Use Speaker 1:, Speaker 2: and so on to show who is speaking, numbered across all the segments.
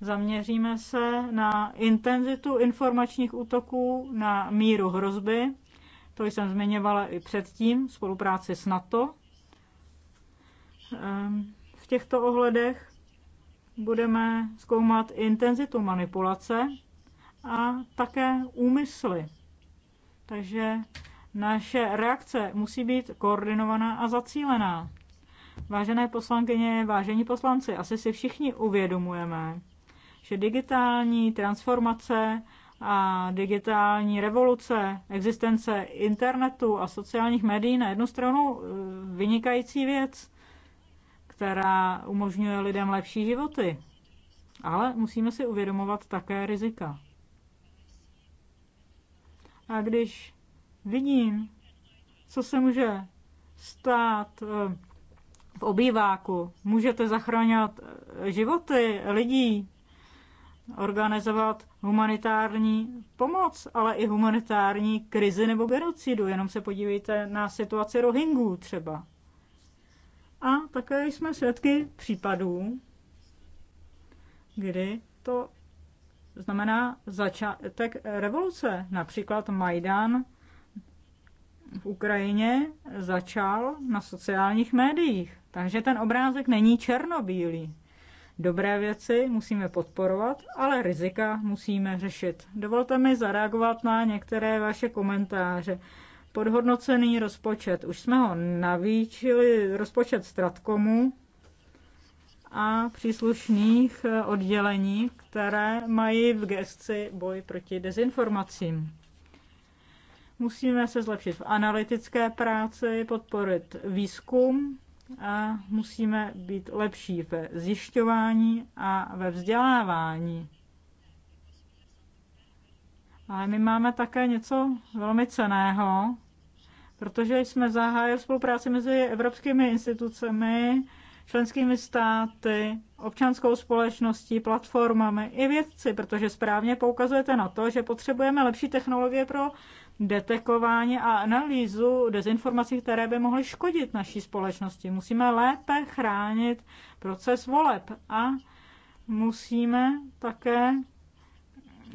Speaker 1: Zaměříme se na intenzitu informačních útoků, na míru hrozby, to jsem zmiňovala i předtím, spolupráci s NATO. Ehm, v těchto ohledech budeme zkoumat intenzitu manipulace a také úmysly. Takže naše reakce musí být koordinovaná a zacílená. Vážené poslankyně, vážení poslanci, asi si všichni uvědomujeme, že digitální transformace a digitální revoluce, existence internetu a sociálních médií na jednu stranu e, vynikající věc, která umožňuje lidem lepší životy. Ale musíme si uvědomovat také rizika. A když vidím, co se může stát e, v obýváku, můžete zachraňovat e, životy lidí, organizovat humanitární pomoc, ale i humanitární krizi nebo genocidu. Jenom se podívejte na situaci Rohingů třeba. A také jsme svědky případů, kdy to znamená začátek revoluce. Například Majdan v Ukrajině začal na sociálních médiích. Takže ten obrázek není černobílý. Dobré věci musíme podporovat, ale rizika musíme řešit. Dovolte mi zareagovat na některé vaše komentáře. Podhodnocený rozpočet. Už jsme ho navýčili rozpočet Stratkomu a příslušných eh, oddělení, které mají v gesci boj proti dezinformacím. Musíme se zlepšit v analytické práci, podporit výzkum, a musíme být lepší ve zjišťování a ve vzdělávání. Ale my máme také něco velmi ceného, protože jsme zahájili spolupráci mezi evropskými institucemi, členskými státy, občanskou společností, platformami i vědci, protože správně poukazujete na to, že potřebujeme lepší technologie pro detekování a analýzu dezinformací, které by mohly škodit naší společnosti. Musíme lépe chránit proces voleb a musíme také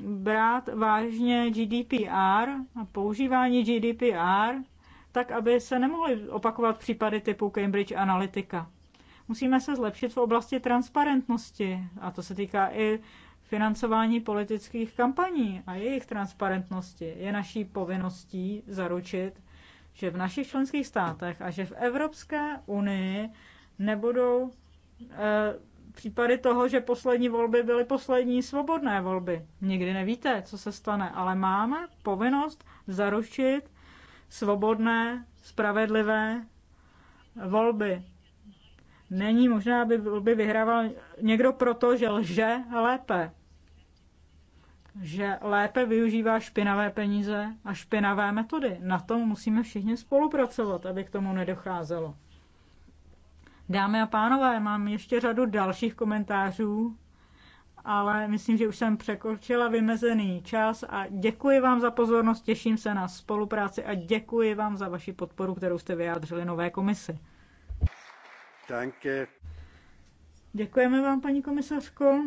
Speaker 1: brát vážně GDPR a používání GDPR, tak aby se nemohly opakovat případy typu Cambridge Analytica. Musíme se zlepšit v oblasti transparentnosti a to se týká i financování politických kampaní a jejich transparentnosti. Je naší povinností zaručit, že v našich členských státech a že v Evropské unii nebudou e, případy toho, že poslední volby byly poslední svobodné volby. Nikdy nevíte, co se stane, ale máme povinnost zaručit svobodné, spravedlivé volby. Není možné, aby volby vyhrával někdo proto, že lže lépe že lépe využívá špinavé peníze a špinavé metody. Na tom musíme všichni spolupracovat, aby k tomu nedocházelo. Dámy a pánové, mám ještě řadu dalších komentářů, ale myslím, že už jsem překročila vymezený čas a děkuji vám za pozornost, těším se na spolupráci a děkuji vám za vaši podporu, kterou jste vyjádřili nové komisi. Danke. Děkujeme vám, paní komisařko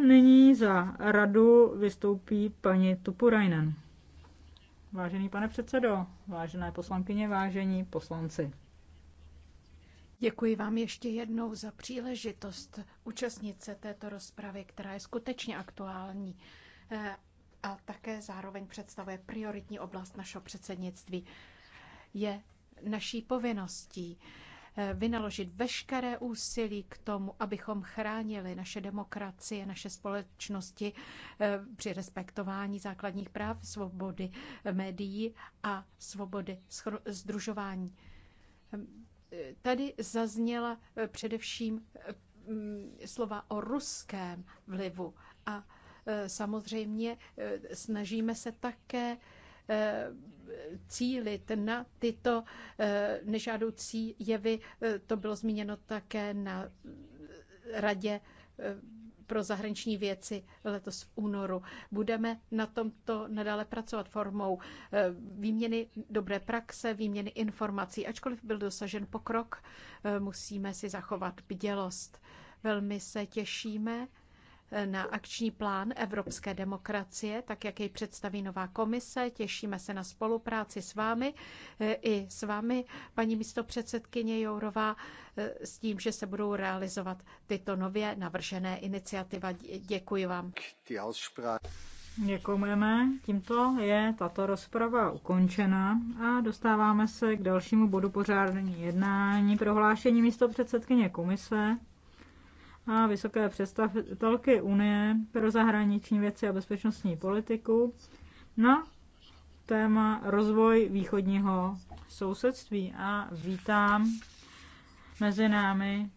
Speaker 1: nyní za radu vystoupí paní Tupurajnen. Vážený pane předsedo, vážené poslankyně, vážení poslanci.
Speaker 2: Děkuji vám ještě jednou za příležitost účastnit se této rozpravy, která je skutečně aktuální eh, a také zároveň představuje prioritní oblast našeho předsednictví. Je naší povinností Eh, vynaložit veškeré úsilí k tomu, abychom chránili naše demokracie, naše společnosti eh, při respektování základních práv, svobody eh, médií a svobody združování. Ehm, tady zazněla především mm, slova o ruském vlivu a samozřejmě snažíme se také cílit na tyto eh, nežádoucí jevy. Eh, to bylo zmíněno také na radě eh, pro zahraniční věci letos v únoru. Budeme na tomto nadále pracovat formou výměny dobré praxe, výměny informací. Ačkoliv byl dosažen pokrok, musíme si zachovat bdělost. Velmi se těšíme na akční plán evropské demokracie, tak jak jej představí nová komise. Těšíme se na spolupráci s vámi eh, i s vámi, paní místopředsedkyně Jourová, eh, s tím, že se budou realizovat tyto nově navržené iniciativa.
Speaker 1: Děkuji vám. Děkujeme. Tímto je tato rozprava ukončena a dostáváme se k dalšímu bodu pořádání jednání prohlášení místo předsedkyně komise a vysoké představitelky Unie pro zahraniční věci a bezpečnostní politiku na téma rozvoj východního sousedství a vítám mezi námi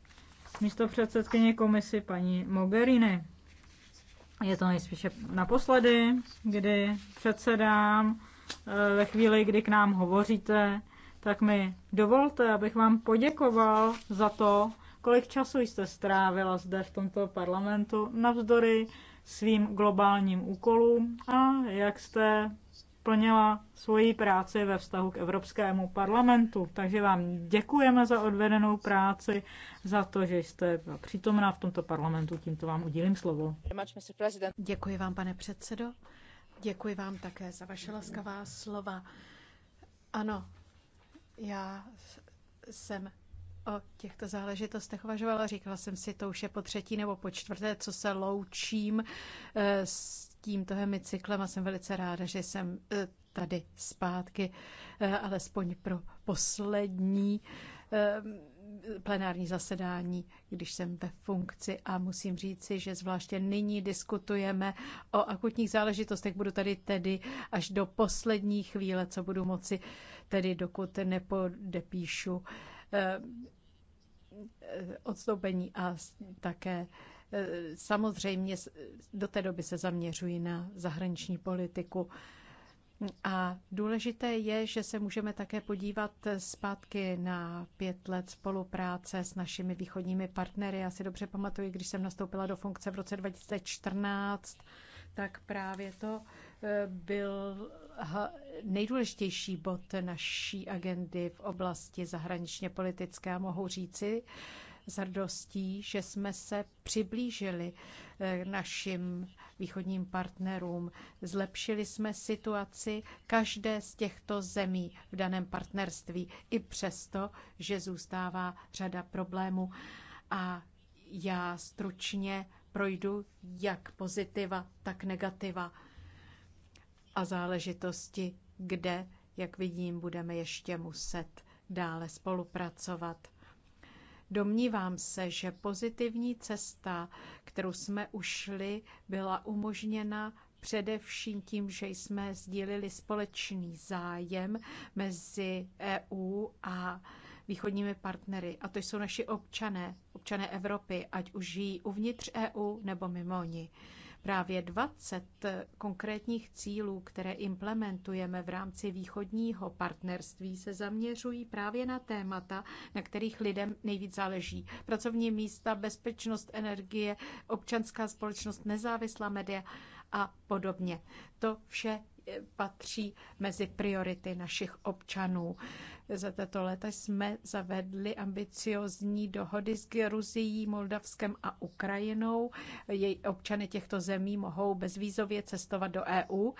Speaker 1: místo předsedkyně komisy paní Mogherini. Je to nejspíše naposledy, kdy předsedám eh, ve chvíli, kdy k nám hovoříte, tak mi dovolte, abych vám poděkoval za to, Kolik času jste strávila zde v tomto parlamentu navzdory svým globálním úkolům a jak jste plnila svoji práci ve vztahu k Evropskému parlamentu. Takže vám děkujeme za odvedenou práci, za to, že jste přítomná v tomto parlamentu. Tímto vám udílím slovo.
Speaker 2: Děkuji vám, pane předsedo. Děkuji vám také za vaše laskavá slova. Ano, já jsem o těchto záležitostech uvažovala. Říkala jsem si, to už je po třetí nebo po čtvrté, co se loučím eh, s tímto hemicyklem a jsem velice ráda, že jsem eh, tady zpátky, eh, alespoň pro poslední plenární zasedání, když jsem ve funkci a musím říci, že zvláště nyní diskutujeme o akutních záležitostech. Budu tady tedy až do poslední chvíle, co budu moci, tedy dokud nepodepíšu odstoupení a také e, samozřejmě do té doby se zaměřuji na zahraniční politiku. A důležité je, že se můžeme také podívat zpátky na pět let spolupráce s našimi východními partnery. Já si dobře pamatuju, když jsem nastoupila do funkce v roce 2014, tak právě to byl nejdůležitější bod naší agendy v oblasti zahraničně politické. Mohu říci s hrdostí, že jsme se přiblížili eh, našim východním partnerům. Zlepšili jsme situaci každé z těchto zemí v daném partnerství, i přesto, že zůstává řada problémů. A já stručně projdu jak pozitiva, tak negativa a záležitosti, kde, jak vidím, budeme ještě muset dále spolupracovat. Domnívám se, že pozitivní cesta, kterou jsme ušli, byla umožněna především tím, že jsme sdílili společný zájem mezi EU a východními partnery. A to jsou naši občané, občané Evropy, ať už žijí uvnitř EU nebo mimo ní. Právě 20 konkrétních cílů, které implementujeme v rámci východního partnerství, se zaměřují právě na témata, na kterých lidem nejvíc záleží. Pracovní místa, bezpečnost, energie, občanská společnost, nezávislá média a podobně. To vše eh, patří mezi priority našich občanů. Za tato léta jsme zavedli ambiciozní dohody s Gruzií, Moldavskem a Ukrajinou. Její občany těchto zemí mohou bezvízově cestovat do EU,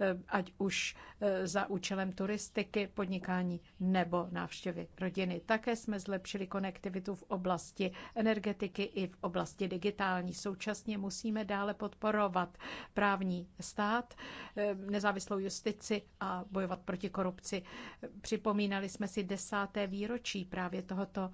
Speaker 2: eh, ať už eh, za účelem turistiky, podnikání nebo návštěvy rodiny. Také jsme zlepšili konektivitu v oblasti energetiky i v oblasti digitální. Současně musíme dále podporovat právní stát, eh, nezávislou justici a bojovat proti korupci. Připomínali jsme si desáté výročí právě tohoto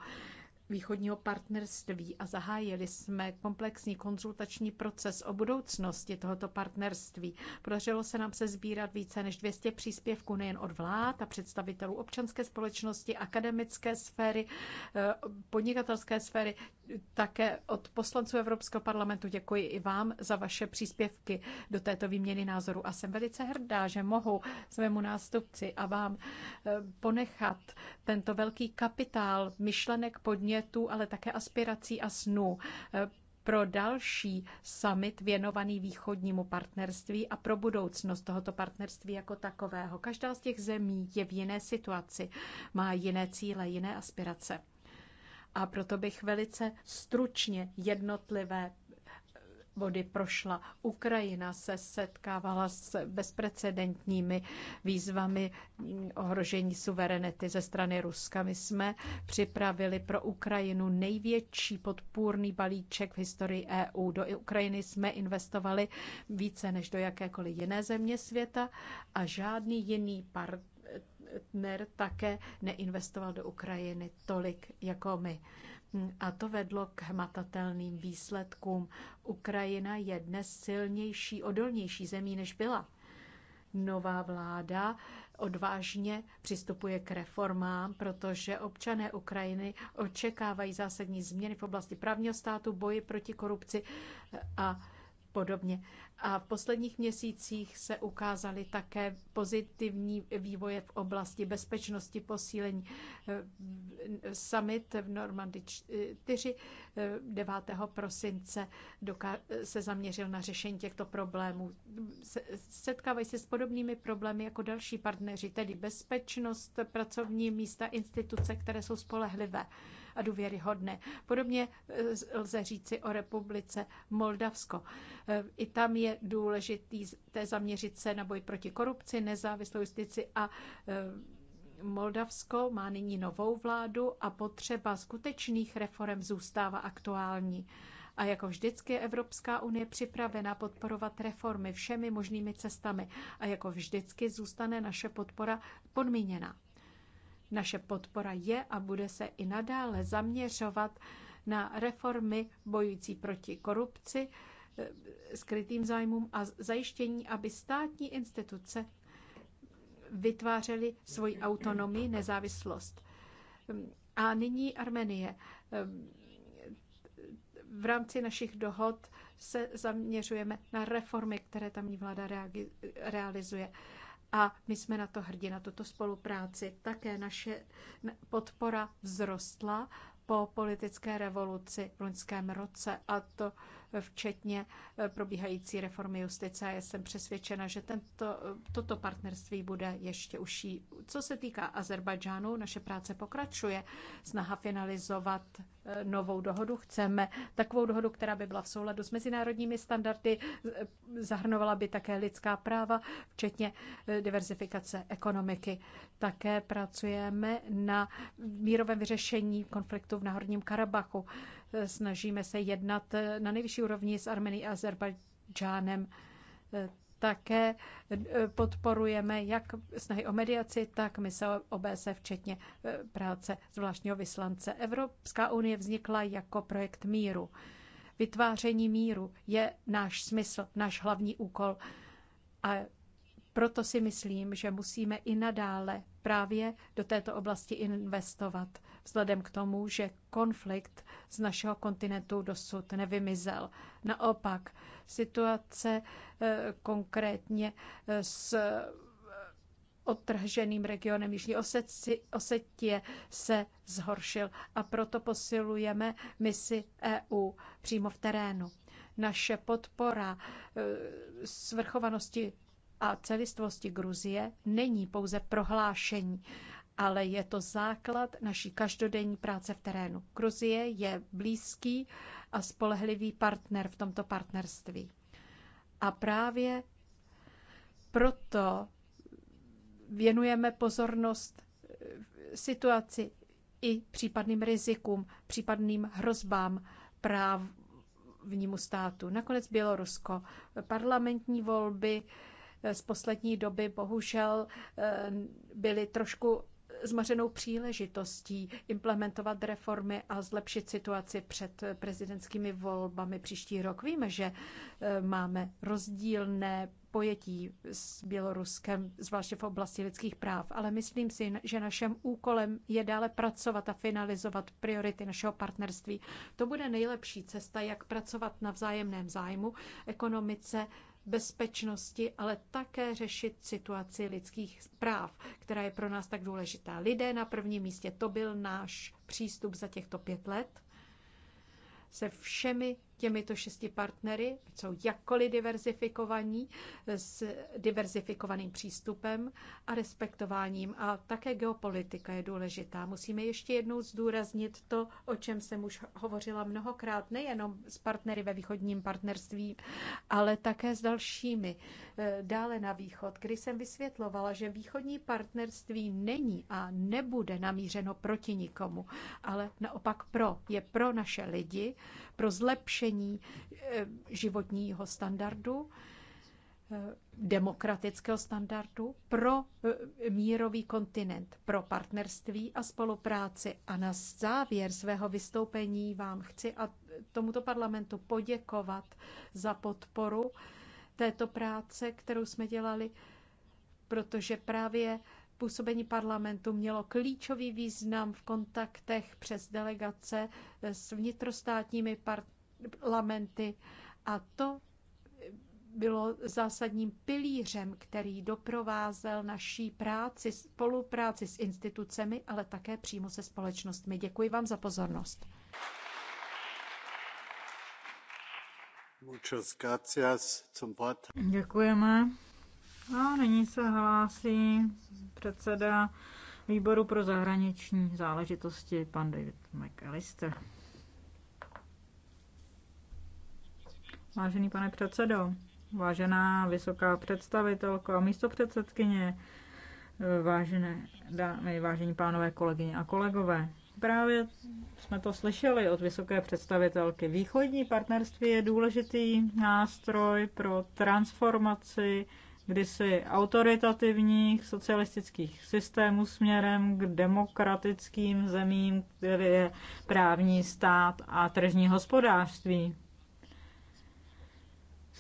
Speaker 2: východního partnerství a zahájili jsme komplexní konzultační proces o budoucnosti tohoto partnerství. Podařilo se nám se sbírat více než 200 příspěvků nejen od vlád a představitelů občanské společnosti, akademické sféry, eh, podnikatelské sféry, také od poslanců Evropského parlamentu. Děkuji i vám za vaše příspěvky do této výměny názoru a jsem velice hrdá, že mohu svému nástupci a vám eh, ponechat tento velký kapitál myšlenek podnět podnětů, ale také aspirací a snů eh, pro další summit věnovaný východnímu partnerství a pro budoucnost tohoto partnerství jako takového. Každá z těch zemí je v jiné situaci, má jiné cíle, jiné aspirace. A proto bych velice stručně jednotlivé body prošla. Ukrajina se setkávala s bezprecedentními výzvami ohrožení suverenity ze strany Ruska. My jsme připravili pro Ukrajinu největší podpůrný balíček v historii EU. Do Ukrajiny jsme investovali více než do jakékoliv jiné země světa a žádný jiný partner také neinvestoval do Ukrajiny tolik jako my a to vedlo k hmatatelným výsledkům. Ukrajina je dnes silnější, odolnější zemí, než byla. Nová vláda odvážně přistupuje k reformám, protože občané Ukrajiny očekávají zásadní změny v oblasti právního státu, boji proti korupci a podobně. A v posledních měsících se ukázaly také pozitivní vývoje v oblasti bezpečnosti, posílení summit v Normandy 4 9. prosince se zaměřil na řešení těchto problémů. Setkávají se s podobnými problémy jako další partneři, tedy bezpečnost, pracovní místa, instituce, které jsou spolehlivé a důvěryhodné. Podobně e, lze říci o republice Moldavsko. E, I tam je důležité zaměřit se na boj proti korupci, nezávislou justici a e, Moldavsko má nyní novou vládu a potřeba skutečných reform zůstává aktuální. A jako vždycky je Evropská unie připravena podporovat reformy všemi možnými cestami. A jako vždycky zůstane naše podpora podmíněná. Naše podpora je a bude se i nadále zaměřovat na reformy bojující proti korupci, eh, skrytým zájmům a zajištění, aby státní instituce vytvářely svoji autonomii, nezávislost. A nyní Armenie. V rámci našich dohod se zaměřujeme na reformy, které tamní vláda realizuje. A my jsme na to hrdí, na tuto spolupráci. Také naše podpora vzrostla po politické revoluci v loňském roce a to včetně eh, probíhající reformy justice. A já jsem přesvědčena, že tento, eh, toto partnerství bude ještě užší. Co se týká Azerbajdžánu, naše práce pokračuje. Snaha finalizovat eh, novou dohodu. Chceme takovou dohodu, která by byla v souladu s mezinárodními standardy, zahrnovala by také lidská práva, včetně diverzifikace ekonomiky. Také pracujeme na mírovém vyřešení konfliktu v Náhorním Karabachu. Snažíme se jednat na nejvyšší úrovni s Armenií a Azerbajdžánem. Také podporujeme jak snahy o mediaci, tak mise OBSE, včetně práce zvláštního vyslance. Evropská unie vznikla jako projekt míru. Vytváření míru je náš smysl, náš hlavní úkol. A proto si myslím, že musíme i nadále právě do této oblasti investovat, vzhledem k tomu, že konflikt z našeho kontinentu dosud nevymizel. Naopak, situace eh, konkrétně eh, s eh, odtrženým regionem Jižní Osetie se zhoršil a proto posilujeme misi EU přímo v terénu. Naše podpora svrchovanosti a celistvosti Gruzie není pouze prohlášení, ale je to základ naší každodenní práce v terénu. Gruzie je blízký a spolehlivý partner v tomto partnerství. A právě proto věnujeme pozornost eh, situaci i případným rizikům, případným hrozbám práv vnímu státu. Nakonec Bělorusko. Parlamentní volby z poslední doby bohužel eh, byly trošku zmařenou příležitostí implementovat reformy a zlepšit situaci před prezidentskými volbami příští rok. Víme, že eh, máme rozdílné pojetí s Běloruskem, zvláště v oblasti lidských práv, ale myslím si, že naším úkolem je dále pracovat a finalizovat priority našeho partnerství. To bude nejlepší cesta, jak pracovat na vzájemném zájmu, ekonomice, bezpečnosti, ale také řešit situaci lidských práv, která je pro nás tak důležitá. Lidé na prvním místě, to byl náš přístup za těchto pět let se všemi těmito šesti partnery, jsou jakkoliv diverzifikovaní, s diverzifikovaným přístupem a respektováním. A také geopolitika je důležitá. Musíme ještě jednou zdůraznit to, o čem jsem už hovořila mnohokrát, nejenom s partnery ve východním partnerství, ale také s dalšími eh, dále na východ, kdy jsem vysvětlovala, že východní partnerství není a nebude namířeno proti nikomu, ale naopak pro. Je pro naše lidi, pro zlepšení zajištění eh, životního standardu, eh, demokratického standardu pro eh, mírový kontinent, pro partnerství a spolupráci. A na závěr svého vystoupení vám chci a tomuto parlamentu poděkovat za podporu této práce, kterou jsme dělali, protože právě působení parlamentu mělo klíčový význam v kontaktech přes delegace s vnitrostátními partnery lamenty. a to bylo zásadním pilířem, který doprovázel naší práci, spolupráci s institucemi, ale také přímo se společnostmi. Děkuji vám za pozornost.
Speaker 1: Děkujeme. A nyní se hlásí předseda výboru pro zahraniční záležitosti, pan David McAllister. Vážený pane předsedo, vážená vysoká představitelko a místo předsedkyně, vážené dámy, vážení pánové, kolegyně a kolegové. Právě jsme to slyšeli od vysoké představitelky. Východní partnerství je důležitý nástroj pro transformaci kdysi autoritativních socialistických systémů směrem k demokratickým zemím, kde je právní stát a tržní hospodářství.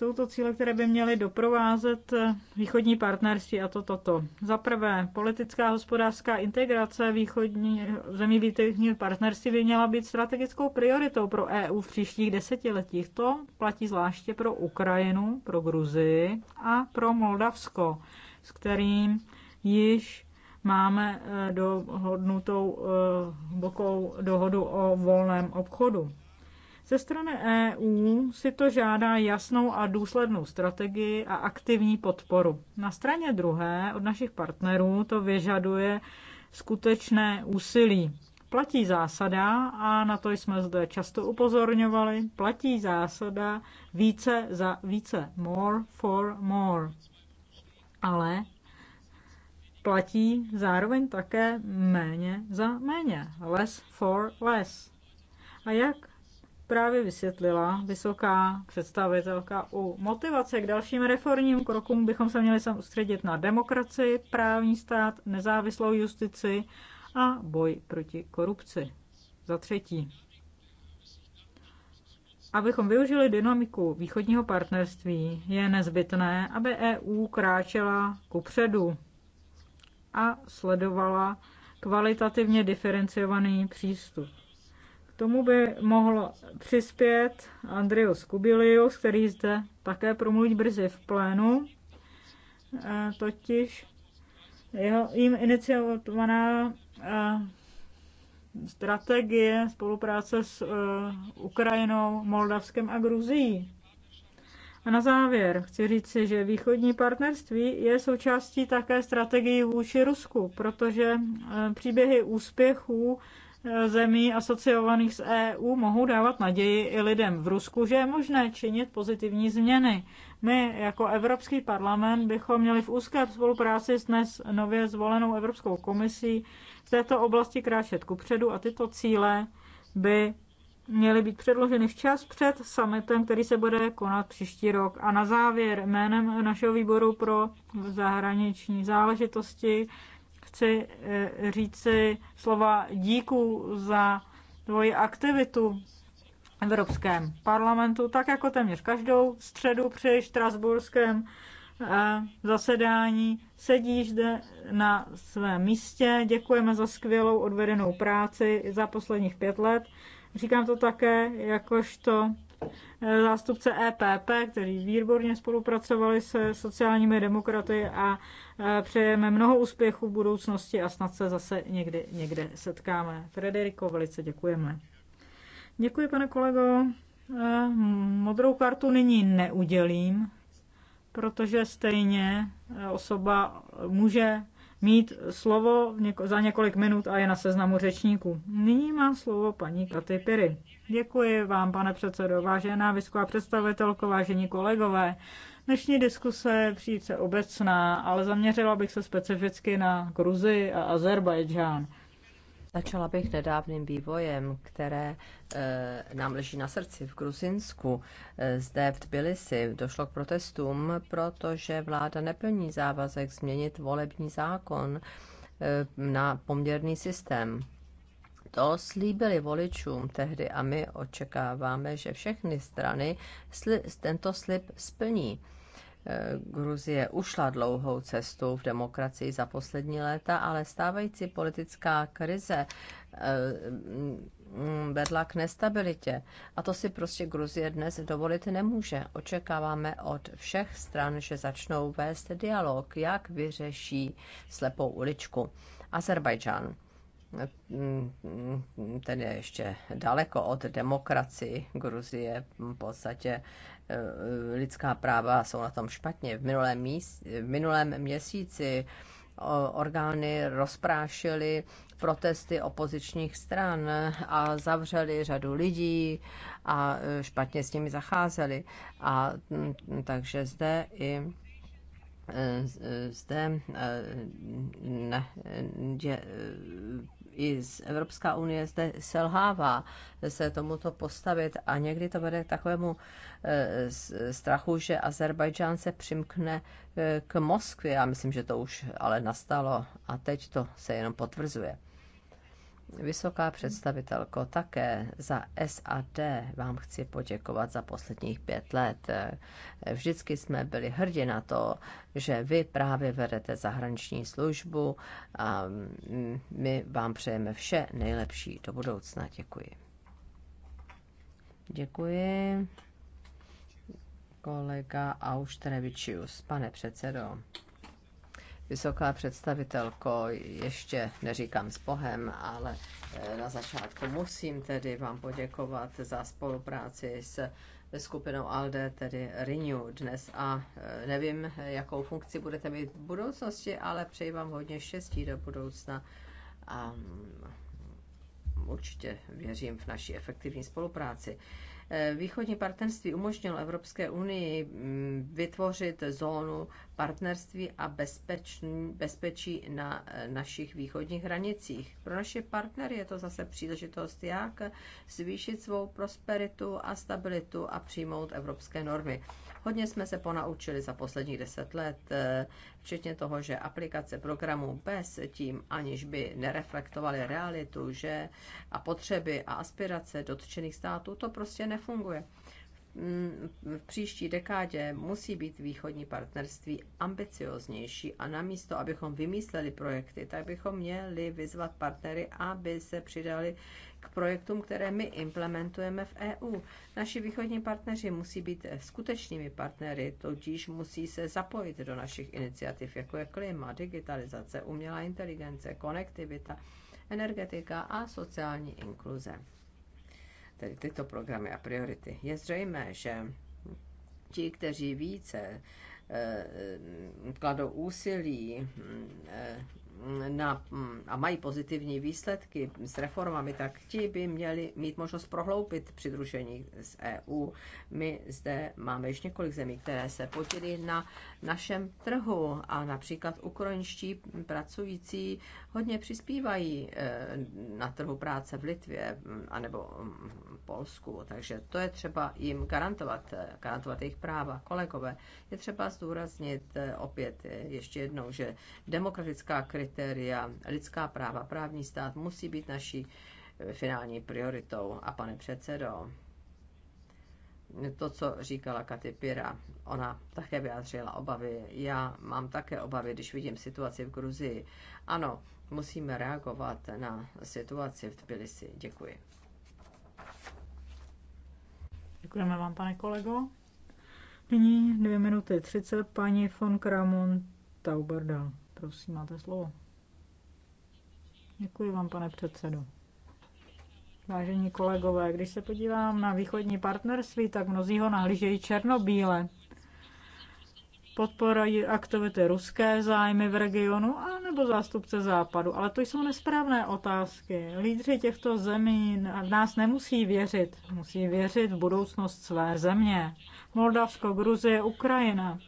Speaker 1: Jsou to cíle, které by měly doprovázet eh, východní partnerství a to toto. Za prvé, politická a hospodářská integrace východní, zemí východního partnerství by měla být strategickou prioritou pro EU v příštích desetiletích. To platí zvláště pro Ukrajinu, pro Gruzii a pro Moldavsko, s kterým již máme eh, dohodnutou eh, bokou dohodu o volném obchodu. Ze strany EU si to žádá jasnou a důslednou strategii a aktivní podporu. Na straně druhé od našich partnerů to vyžaduje skutečné úsilí. Platí zásada, a na to jsme zde často upozorňovali, platí zásada více za více, more for more. Ale platí zároveň také méně za méně, less for less. A jak právě vysvětlila vysoká představitelka, u motivace k dalším reformním krokům bychom se měli soustředit na demokracii, právní stát, nezávislou justici a boj proti korupci. Za třetí, abychom využili dynamiku východního partnerství, je nezbytné, aby EU kráčela kupředu a sledovala kvalitativně diferenciovaný přístup tomu by mohl přispět Andrius Kubilius, který zde také promluví brzy v plénu. Totiž jeho, jim iniciovaná strategie spolupráce s e, Ukrajinou, Moldavskem a Gruzií. A na závěr chci říci, že východní partnerství je součástí také strategii vůči Rusku, protože e, příběhy úspěchů zemí asociovaných s EU mohou dávat naději i lidem v Rusku, že je možné činit pozitivní změny. My jako Evropský parlament bychom měli v úzké spolupráci s dnes nově zvolenou Evropskou komisí v této oblasti kráčet kupředu a tyto cíle by měly být předloženy včas před summitem, který se bude konat příští rok. A na závěr jménem našeho výboru pro zahraniční záležitosti chci eh, říci slova díku za tvoji aktivitu v Evropském parlamentu, tak jako téměř každou středu při štrasburském eh, zasedání. Sedíš zde na svém místě. Děkujeme za skvělou odvedenou práci za posledních pět let. Říkám to také jakožto zástupce EPP, který výborně spolupracovali se sociálními demokraty a e, přejeme mnoho úspěchů v budoucnosti a snad se zase někdy někde setkáme. Frederiko, velice děkujeme. Děkuji, pane kolego. E, modrou kartu nyní neudělím, protože stejně e, osoba může mít slovo za několik minut a je na seznamu řečníků. Nyní má slovo paní Katy Piry. Děkuji vám, pane předsedo, vážená vysoká představitelko, vážení kolegové. Dnešní diskuse je přijíce obecná, ale zaměřila bych se specificky na
Speaker 3: Gruzi a Azerbajdžán. Začala bych nedávným vývojem, které e, nám leží na srdci v Gruzinsku. E, zde v Tbilisi došlo k protestům, protože vláda neplní závazek změnit volební zákon e, na poměrný systém. To slíbili voličům tehdy a my očekáváme, že všechny strany sli- tento slib splní Gruzie ušla dlouhou cestu v demokracii za poslední léta, ale stávající politická krize eh, mm, vedla k nestabilitě. A to si prostě Gruzie dnes dovolit nemůže. Očekáváme od všech stran, že začnou vést dialog, jak vyřeší slepou uličku. Azerbajdžán ten je ještě daleko od demokracii Gruzie. V podstatě eh, lidská práva jsou na tom špatně. V minulém, míst, v minulém měsíci orgány rozprášily protesty opozičních stran a zavřeli řadu lidí a eh, špatně s nimi zacházeli. A hm, takže zde i eh, zde ne, je i z Evropská unie zde selhává se tomuto postavit a někdy to vede k takovému e, strachu, že Azerbajdžán se přimkne e, k Moskvě. Já myslím, že to už ale nastalo a teď to se jenom potvrzuje. Vysoká představitelko, také za SAD vám chci poděkovat za posledních pět let. Vždycky jsme byli hrdi na to, že vy právě vedete zahraniční službu a my vám přejeme vše nejlepší do budoucna. Děkuji. Děkuji. Kolega Auštrevičius, pane předsedo vysoká představitelko, ještě neříkám s Bohem, ale eh, na začátku musím tedy vám poděkovat za spolupráci s eh, skupinou ALDE, tedy Renew dnes a eh, nevím, jakou funkci budete mít v budoucnosti, ale přeji vám hodně štěstí do budoucna a mm, určitě věřím v naší efektivní spolupráci. Východní partnerství umožnilo Evropské unii mm, vytvořit zónu partnerství a bezpečí na eh, našich východních hranicích. Pro naše partnery je to zase příležitost, jak zvýšit svou prosperitu a stabilitu a přijmout evropské normy. Hodně jsme se ponaučili za posledních deset let, eh, včetně toho, že aplikace programů bez tím, aniž by nereflektovaly realitu že a potřeby a aspirace dotčených států, to prostě nefunguje. Mm, v příští dekádě musí být východní partnerství ambicioznější a namísto, abychom vymysleli projekty, tak bychom měli vyzvat partnery, aby se přidali k projektům, které my implementujeme v EU. Naši východní partneři musí být skutečnými partnery, tudíž musí se zapojit do našich iniciativ, jako je klima, digitalizace, umělá inteligence, konektivita, energetika a sociální inkluze tedy tyto programy a priority. Je zřejmé, že ti, kteří více eh, kladou úsilí mm, eh, na, mm, a mají pozitivní výsledky s reformami, tak ti by měli mít možnost prohloupit přidružení z EU. My zde máme již několik zemí, které se podělí na našem trhu. A například ukrajinští pracující hodně přispívají eh, na trhu práce v Litvě hm, anebo hm, v Polsku, takže to je třeba jim garantovat, eh, garantovat jejich práva. Kolegové, je třeba zdůraznit eh, opět ještě jednou, že demokratická kritéria, lidská práva, právní stát musí být naší finální prioritou. A pane předsedo, to, co říkala Katy Pira, ona také vyjádřila obavy. Já mám také obavy, když vidím situaci v Gruzii. Ano, musíme reagovat na situaci v Tbilisi. Děkuji.
Speaker 1: Děkujeme vám, pane kolego. Nyní dvě minuty 30, paní von Kramon Tauberda. Prosím, máte slovo. Děkuji vám, pane předsedo vážení kolegové. Když se podívám na východní partnerství, tak mnozí ho nahlížejí černobíle. Podporují aktivity ruské zájmy v regionu a nebo zástupce západu. Ale to jsou nesprávné otázky. Lídři těchto zemí v nás nemusí věřit. Musí věřit v budoucnost své země. Moldavsko, Gruzie, Ukrajina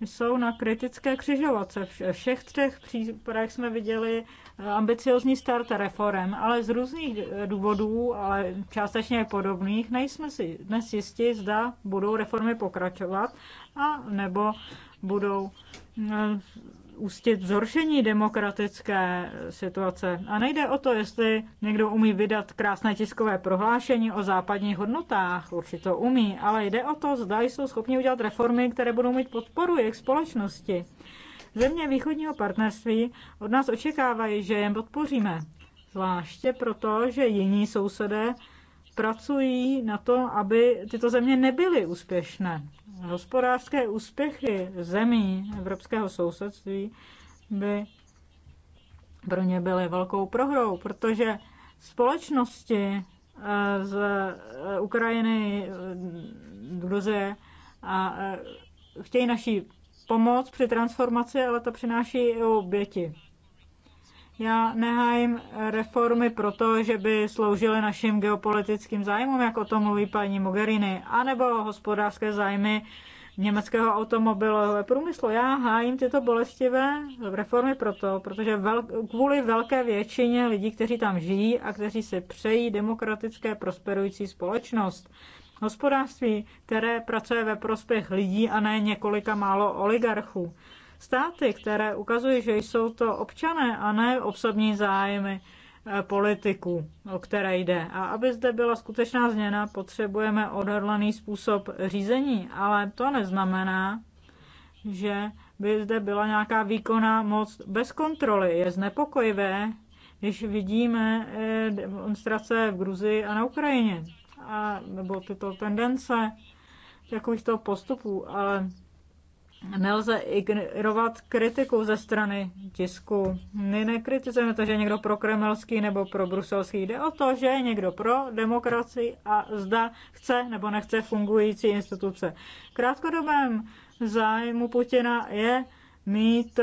Speaker 1: jsou na kritické křižovatce. V všech třech případech jsme viděli eh, ambiciozní start reform, ale z různých eh, důvodů, ale částečně podobných, nejsme si dnes jistí, zda budou reformy pokračovat a nebo budou eh, ústit zhoršení demokratické situace. A nejde o to, jestli někdo umí vydat krásné tiskové prohlášení o západních hodnotách, určitě to umí, ale jde o to, zda jsou schopni udělat reformy, které budou mít podporu jejich společnosti. Země východního partnerství od nás očekávají, že je podpoříme. Zvláště proto, že jiní sousedé pracují na to, aby tyto země nebyly úspěšné. Hospodářské úspěchy zemí evropského sousedství by pro ně byly velkou prohrou, protože společnosti eh, z eh, Ukrajiny, eh, Gruzie a chtějí naší pomoc při transformaci, ale to přináší i oběti. Já nehájím reformy proto, že by sloužily našim geopolitickým zájmům, jak o tom mluví paní Mogherini, anebo hospodářské zájmy německého automobilového průmyslu. Já hájím tyto bolestivé reformy proto, protože vel, kvůli velké většině lidí, kteří tam žijí a kteří si přejí demokratické prosperující společnost. Hospodářství, které pracuje ve prospěch lidí a ne několika málo oligarchů státy, které ukazují, že jsou to občané a ne osobní zájmy eh, politiků, o které jde. A aby zde byla skutečná změna, potřebujeme odhodlaný způsob řízení, ale to neznamená, že by zde byla nějaká výkonná moc bez kontroly. Je znepokojivé, když vidíme eh, demonstrace v Gruzii a na Ukrajině, a, nebo tyto tendence takovýchto postupů, ale Nelze ignorovat kritiku ze strany tisku. My nekritizujeme to, že je někdo pro kremelský nebo pro bruselský. Jde o to, že je někdo pro demokracii a zda chce nebo nechce fungující instituce. V krátkodobém zájmu Putina je mít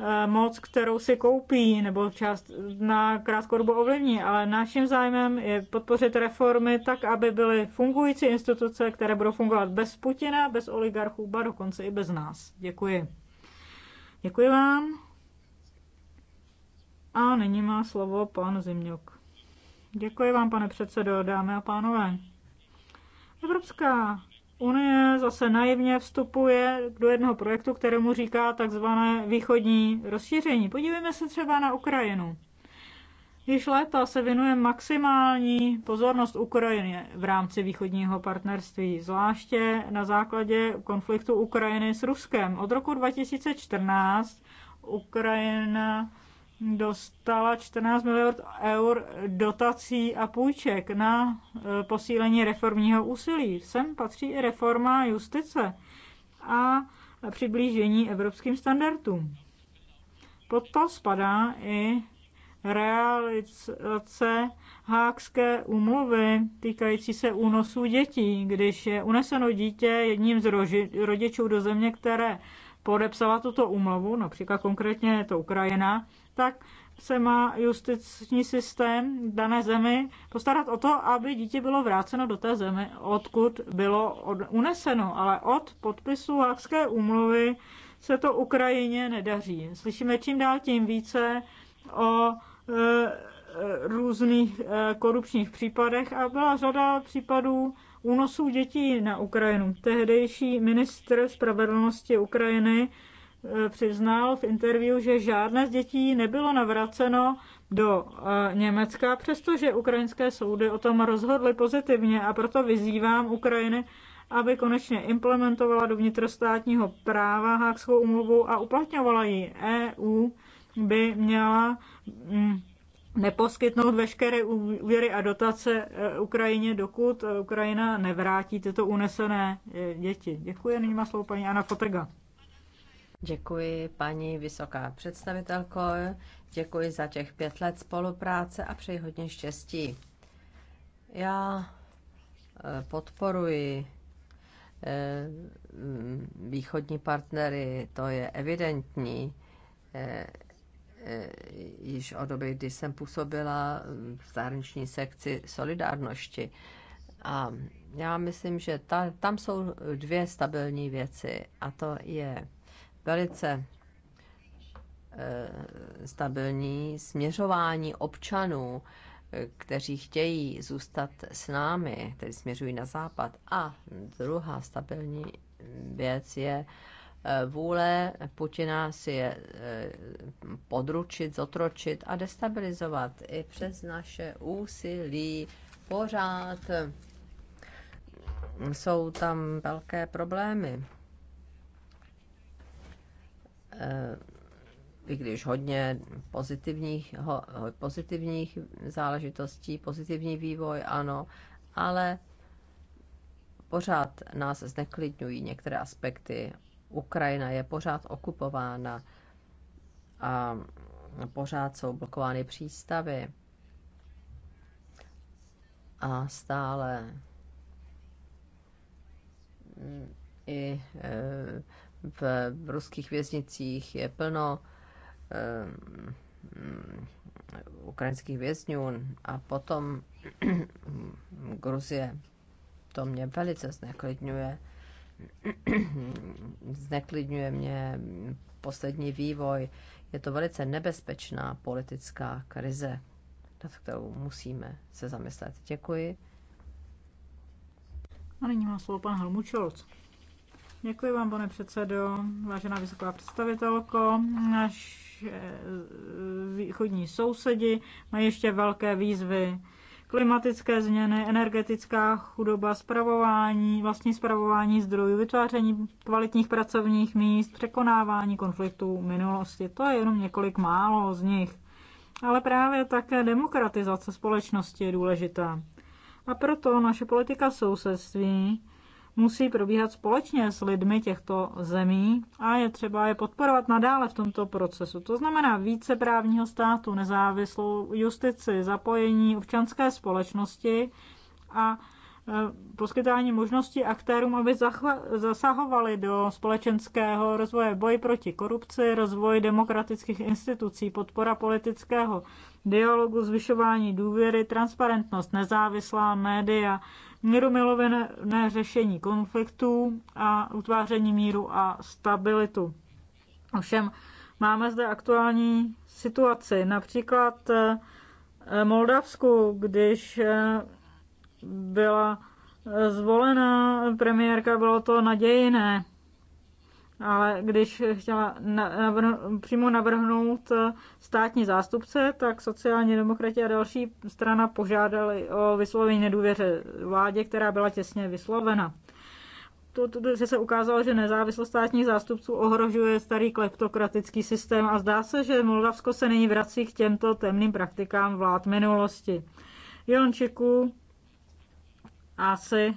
Speaker 1: Eh, moc, kterou si koupí nebo část na krátkou dobu ovlivní, ale naším zájmem je podpořit reformy tak, aby byly fungující instituce, které budou fungovat bez Putina, bez oligarchů, ba dokonce i bez nás. Děkuji. Děkuji vám. A nyní má slovo pan Zimňuk. Děkuji vám, pane předsedo, dámy a pánové. Evropská Unie zase naivně vstupuje do jednoho projektu, kterému říká takzvané východní rozšíření. Podívejme se třeba na Ukrajinu. Již léta se věnuje maximální pozornost Ukrajině v rámci východního partnerství, zvláště na základě konfliktu Ukrajiny s Ruskem. Od roku 2014 Ukrajina dostala 14 miliard eur dotací a půjček na e, posílení reformního úsilí. Sem patří i reforma justice a přiblížení evropským standardům. Pod to spadá i realizace hákské úmluvy týkající se únosů dětí, když je uneseno dítě jedním z rodičů do země, které podepsala tuto úmluvu, například konkrétně je to Ukrajina, tak se má justiční systém dané zemi postarat o to, aby dítě bylo vráceno do té zemi, odkud bylo od, uneseno. Ale od podpisu Hákské úmluvy se to Ukrajině nedaří. Slyšíme čím dál tím více o e, různých e, korupčních případech a byla řada případů únosů dětí na Ukrajinu. Tehdejší ministr spravedlnosti Ukrajiny Eh, přiznal v interview, že žádné z dětí nebylo navraceno do eh, Německa, přestože ukrajinské soudy o tom rozhodly pozitivně a proto vyzývám Ukrajiny, aby konečně implementovala do vnitrostátního práva Hákskou umluvu a uplatňovala ji. EU by měla mm, neposkytnout veškeré úvěry a dotace eh, Ukrajině, dokud Ukrajina nevrátí tyto unesené děti. Děkuji, nyní má slovo paní
Speaker 3: Anna Fotrga. Děkuji, paní vysoká představitelko, děkuji za těch pět let spolupráce a přeji hodně štěstí. Já eh, podporuji eh, východní partnery, to je evidentní. Eh, již od doby, kdy jsem působila v zahraniční sekci solidárnosti. A já myslím, že ta, tam jsou dvě stabilní věci, a to je velice eh, stabilní směřování občanů, eh, kteří chtějí zůstat s námi, tedy směřují na západ. A druhá stabilní věc je eh, vůle Putina si je područit, zotročit a destabilizovat i přes naše úsilí pořád jsou tam velké problémy Eh, i když hodně pozitivních, ho, pozitivních záležitostí, pozitivní vývoj, ano, ale pořád nás zneklidňují některé aspekty. Ukrajina je pořád okupována a pořád jsou blokovány přístavy a stále mm, i e, v ruských věznicích je plno ehm, ukrajinských vězňů a potom Gruzie. To mě velice zneklidňuje. zneklidňuje mě poslední vývoj. Je to velice nebezpečná politická krize, nad kterou musíme se zamyslet. Děkuji. A nyní má slovo pan Helmut Scholz. Děkuji vám,
Speaker 1: pane předsedo, vážená vysoká představitelko. Naš východní sousedi mají ještě velké výzvy. Klimatické změny, energetická chudoba, spravování, vlastní spravování zdrojů, vytváření kvalitních pracovních míst, překonávání konfliktů minulosti. To je jenom několik málo z nich. Ale právě také demokratizace společnosti je důležitá. A proto naše politika sousedství musí probíhat společně s lidmi těchto zemí a je třeba je podporovat nadále v tomto procesu. To znamená více právního státu, nezávislou justici, zapojení občanské společnosti a e, poskytání možnosti aktérům, aby zasahovali do společenského rozvoje, boj proti korupci, rozvoj demokratických institucí, podpora politického dialogu, zvyšování důvěry, transparentnost, nezávislá média, mírumilovné řešení konfliktů a utváření míru a stabilitu. Ovšem, máme zde aktuální situaci. Například eh, Moldavsku, když eh, byla eh, zvolena premiérka, bylo to nadějné ale když chtěla navrhnout, přímo navrhnout eh, státní zástupce, tak sociální demokrati a další strana požádali o vyslovení nedůvěře vládě, která byla těsně vyslovena. To, to, že se ukázalo, že nezávislost státních zástupců ohrožuje starý kleptokratický systém a zdá se, že Moldavsko se nyní vrací k těmto temným praktikám vlád minulosti. Jončiku asi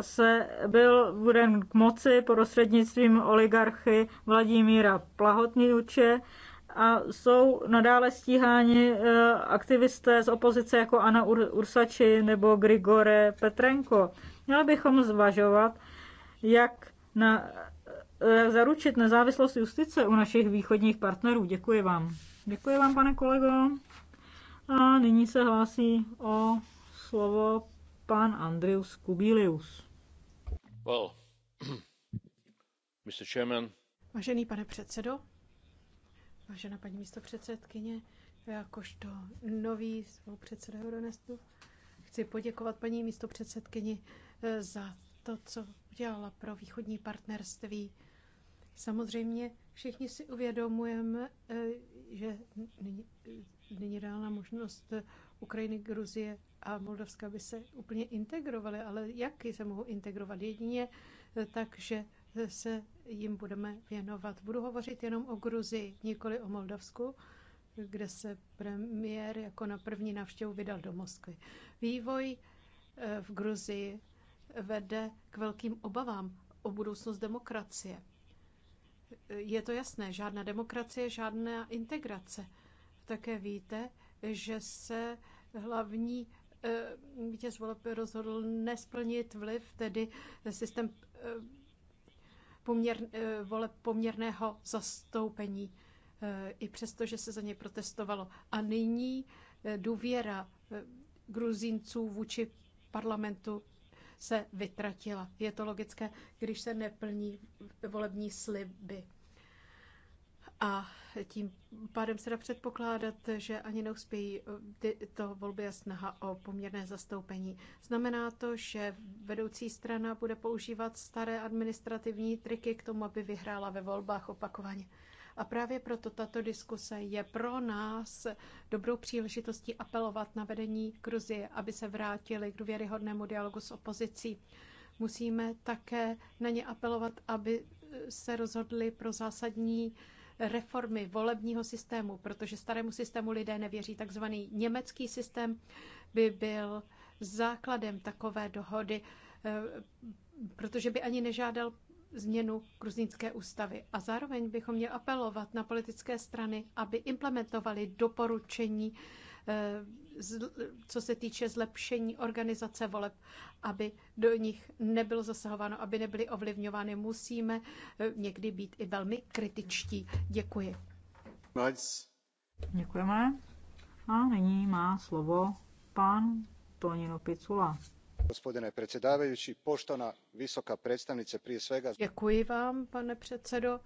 Speaker 1: se byl vuden k moci prostřednictvím oligarchy Vladimíra Plahotniuče a jsou nadále stíháni eh, aktivisté z opozice jako Ana Ursači nebo Grigore Petrenko. Měli bychom zvažovat, jak na, eh, zaručit nezávislost justice u našich východních partnerů. Děkuji vám. Děkuji vám, pane kolego. A nyní se hlásí o slovo pan Andrius Kubilius.
Speaker 3: Well, Mr. Chairman.
Speaker 1: Vážený pane předsedo, vážená paní místo předsedkyně,
Speaker 2: jakožto nový předseda Euronestu, chci poděkovat paní místo předsedkyni eh, za to, co udělala pro východní partnerství. Samozřejmě všichni si uvědomujeme, eh, že eh, není reálná možnost Ukrajiny, Gruzie a Moldavska by se úplně integrovaly, ale jak se mohou integrovat jedině, eh, takže eh, se jim budeme věnovat. Budu hovořit jenom o Gruzii, nikoli o Moldavsku, kde se premiér jako na první návštěvu vydal do Moskvy. Vývoj eh, v Gruzii vede k velkým obavám o budoucnost demokracie. Je to jasné, žádná demokracie, žádná integrace. Také víte, že se hlavní Eh, vítěz voleb rozhodl nesplnit vliv, tedy systém eh, poměr, eh, voleb poměrného zastoupení, i přesto, že se za něj protestovalo. A nyní důvěra Gruzínců vůči parlamentu se vytratila. Je to logické, když se neplní volební sliby. A tím pádem se dá předpokládat, že ani neuspějí eh, tyto volby a snaha o poměrné zastoupení. Znamená to, že vedoucí strana bude používat staré administrativní triky k tomu, aby vyhrála ve volbách opakovaně. A právě proto tato diskuse je pro nás dobrou příležitostí apelovat na vedení Gruzie, aby se vrátili k důvěryhodnému dialogu s opozicí. Musíme také na ně apelovat, aby eh, se rozhodli pro zásadní reformy volebního systému, protože starému systému lidé nevěří. Takzvaný německý systém by byl základem takové dohody, eh, protože by ani nežádal změnu gruzínské ústavy. A zároveň bychom měli apelovat na politické strany, aby implementovali doporučení eh, co se týče zlepšení organizace voleb, aby do nich nebylo zasahováno, aby nebyly ovlivňovány. Musíme eh, někdy být i velmi kritičtí. Děkuji.
Speaker 1: Děkujeme. A nyní má slovo pan Tonino Picula.
Speaker 2: Gospodine předsedající, poštovana vysoká predstavnice, prije svega... Děkuji vám, pane předsedo.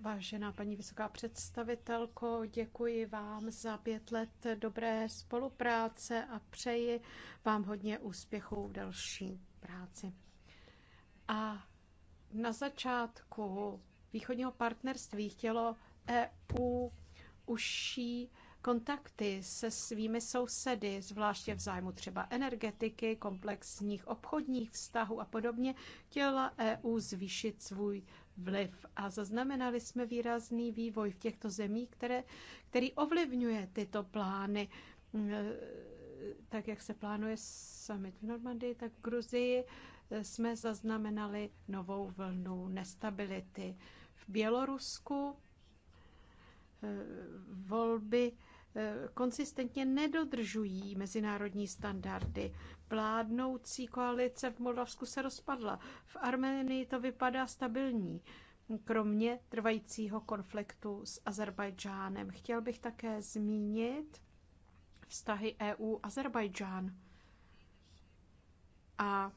Speaker 2: Vážená paní vysoká představitelko, děkuji vám za pět let dobré spolupráce a přeji vám hodně úspěchů v další práci. A na začátku východního partnerství chtělo EU užší kontakty se svými sousedy, zvláště v zájmu třeba energetiky, komplexních obchodních vztahů a podobně, chtěla EU zvýšit svůj vliv a zaznamenali jsme výrazný vývoj v těchto zemích, které, který ovlivňuje tyto plány. Mm, e, tak, jak se plánuje summit v Normandii, tak v Gruzii e, jsme zaznamenali novou vlnu nestability. V Bělorusku e, volby Eh, konsistentně nedodržují mezinárodní standardy. Vládnoucí koalice v Moldavsku se rozpadla. V Armenii to vypadá stabilní kromě trvajícího konfliktu s Azerbajdžánem. Chtěl bych také zmínit vztahy EU-Azerbajdžán a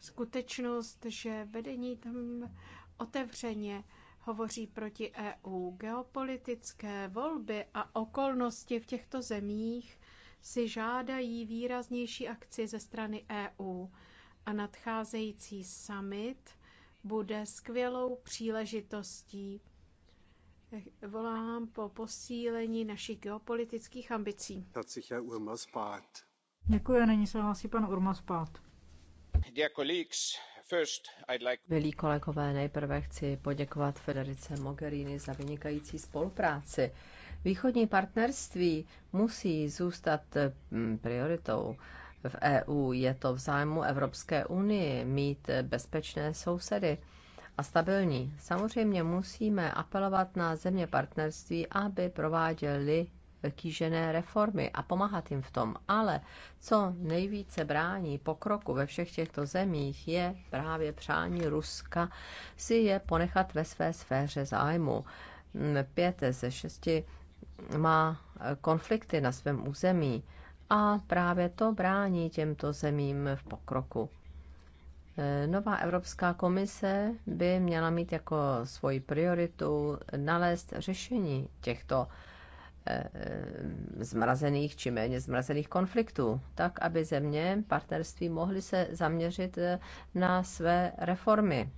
Speaker 2: skutečnost, že vedení tam otevřeně hovoří proti EU. Geopolitické volby a okolnosti v těchto zemích si žádají výraznější akci ze strany EU a nadcházející summit bude skvělou příležitostí. Volám po posílení našich geopolitických ambicí.
Speaker 1: Děkuji, není
Speaker 3: se hlásí pan Urmas Dear colleagues, Milí kolegové, nejprve chci poděkovat Federice Mogherini za vynikající spolupráci. Východní partnerství musí zůstat mm, prioritou. V EU je to v zájmu Evropské unie mít bezpečné sousedy a stabilní. Samozřejmě musíme apelovat na země partnerství, aby prováděli kýžené reformy a pomáhat jim v tom. Ale co nejvíce brání pokroku ve všech těchto zemích je právě přání Ruska si je ponechat ve své sféře zájmu. Pět ze šesti má konflikty na svém území a právě to brání těmto zemím v pokroku. Nová Evropská komise by měla mít jako svoji prioritu nalézt řešení těchto Eh, zmrazených či méně zmrazených konfliktů, tak aby země partnerství mohly se zaměřit eh, na své reformy.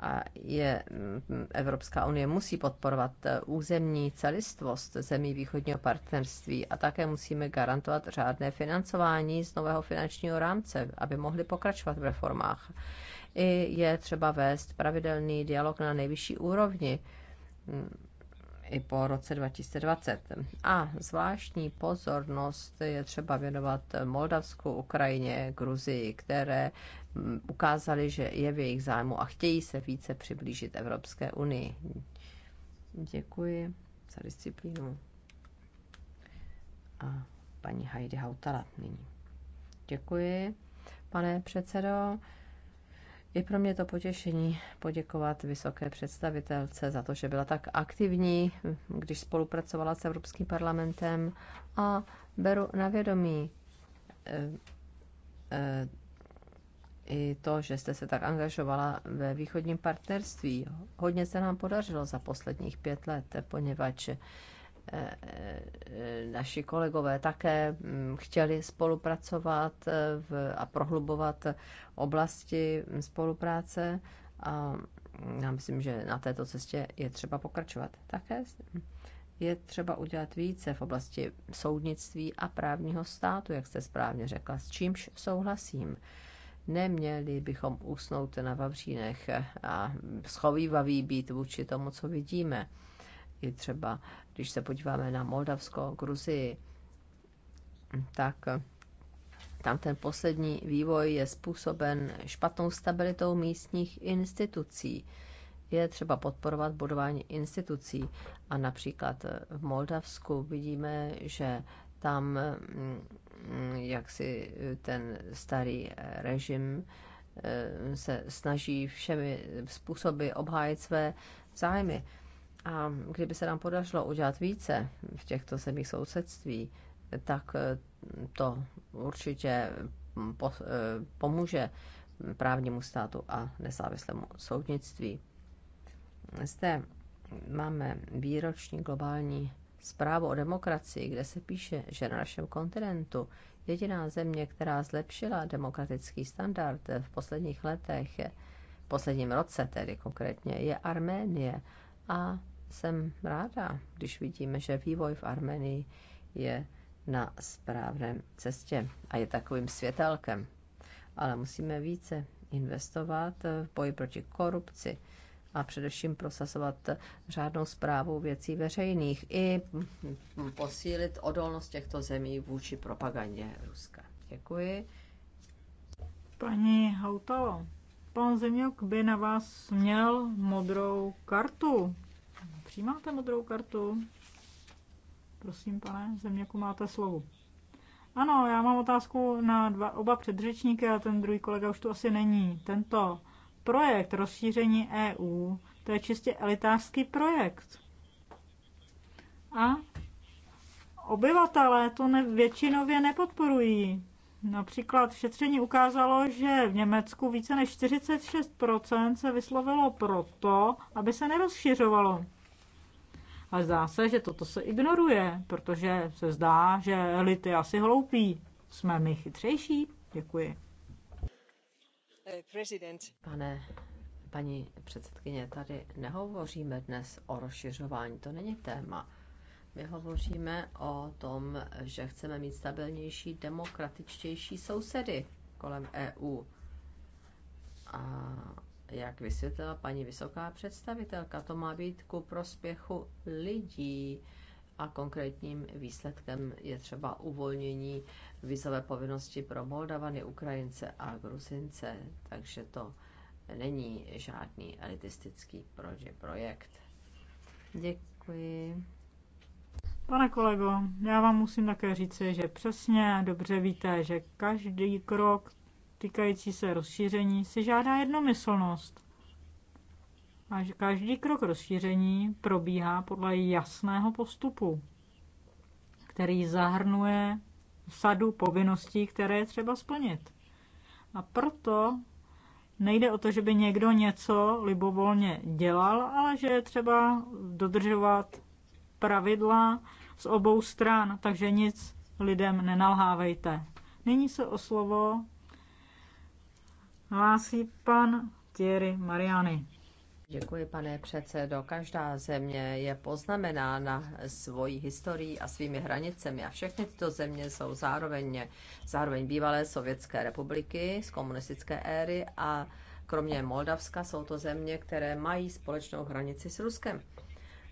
Speaker 3: A je, mm, Evropská unie musí podporovat eh, územní celistvost zemí východního partnerství a také musíme garantovat řádné financování z nového finančního rámce, aby mohli pokračovat v reformách. I je třeba vést pravidelný dialog na nejvyšší úrovni mm, i po roce 2020. A zvláštní pozornost je třeba věnovat Moldavsku, Ukrajině, Gruzii, které mm, ukázali, že je v jejich zájmu a chtějí se více přiblížit Evropské unii. Děkuji za disciplínu. A paní Heidi Hautala nyní. Děkuji, pane předsedo. Je pro mě to potěšení poděkovat vysoké představitelce za to, že byla tak aktivní, když spolupracovala s Evropským parlamentem a beru na vědomí e, e, i to, že jste se tak angažovala ve východním partnerství. Hodně se nám podařilo za posledních pět let, poněvadž Eh, eh, naši kolegové také mm, chtěli spolupracovat eh, a prohlubovat oblasti mm, spolupráce a mm, já myslím, že na této cestě je třeba pokračovat. Také je třeba udělat více v oblasti soudnictví a právního státu, jak jste správně řekla, s čímž souhlasím. Neměli bychom usnout na vavřínech a schovývaví být vůči tomu, co vidíme. I třeba když se podíváme na Moldavsko, Gruzii, tak tam ten poslední vývoj je způsoben špatnou stabilitou místních institucí. Je třeba podporovat budování institucí a například v Moldavsku vidíme, že tam mm, jak si ten starý režim eh, se snaží všemi způsoby obhájit své zájmy. A kdyby se nám podařilo udělat více v těchto zemích sousedství, tak eh, to určitě eh, pomůže právnímu státu a nezávislému soudnictví. Zde máme výroční globální zprávu o demokracii, kde se píše, že na našem kontinentu jediná země, která zlepšila demokratický standard v posledních letech, v posledním roce tedy konkrétně, je Arménie. A jsem ráda, když vidíme, že vývoj v Armenii je na správném cestě a je takovým světelkem. Ale musíme více investovat v boji proti korupci a především prosazovat řádnou zprávu věcí veřejných i posílit odolnost těchto zemí vůči propagandě Ruska. Děkuji. Paní Houtalo, pan Zeměk by na vás
Speaker 1: měl modrou kartu. Přijímáte modrou kartu? Prosím, pane Zeměku, máte slovo. Ano, já mám otázku na dva, oba předřečníky a ten druhý kolega už tu asi není. Tento projekt rozšíření EU, to je čistě elitářský projekt. A obyvatelé to ne, většinově nepodporují. Například šetření ukázalo, že v Německu více než 46% se vyslovilo proto, aby se nerozšiřovalo. A zdá se, že toto se ignoruje, protože se zdá, že elity asi hloupí. Jsme my chytřejší?
Speaker 3: Děkuji. Eh, Pane, paní předsedkyně, tady nehovoříme dnes o rozšiřování, to není téma. My hovoříme o tom, že chceme mít stabilnější, demokratičtější sousedy kolem EU. A jak vysvětlila paní vysoká představitelka, to má být ku prospěchu lidí a konkrétním výsledkem je třeba uvolnění vízové povinnosti pro Moldavany, Ukrajince a Gruzince, takže to není žádný elitistický projekt. Děkuji.
Speaker 1: Pane kolego, já vám musím také říci, že přesně dobře víte, že každý krok týkající se rozšíření si žádá jednomyslnost. A každý krok rozšíření probíhá podle jasného postupu, který zahrnuje sadu povinností, které je třeba splnit. A proto nejde o to, že by někdo něco libovolně dělal, ale že je třeba dodržovat pravidla z obou stran, takže nic lidem nenalhávejte. Nyní se o
Speaker 3: slovo hlásí pan Thierry Mariani. Děkuji, pane předsedo. Každá země je poznamenána svojí historií a svými hranicemi a všechny tyto země jsou zároveň, zároveň bývalé sovětské republiky z komunistické éry a kromě Moldavska jsou to země, které mají společnou hranici s Ruskem.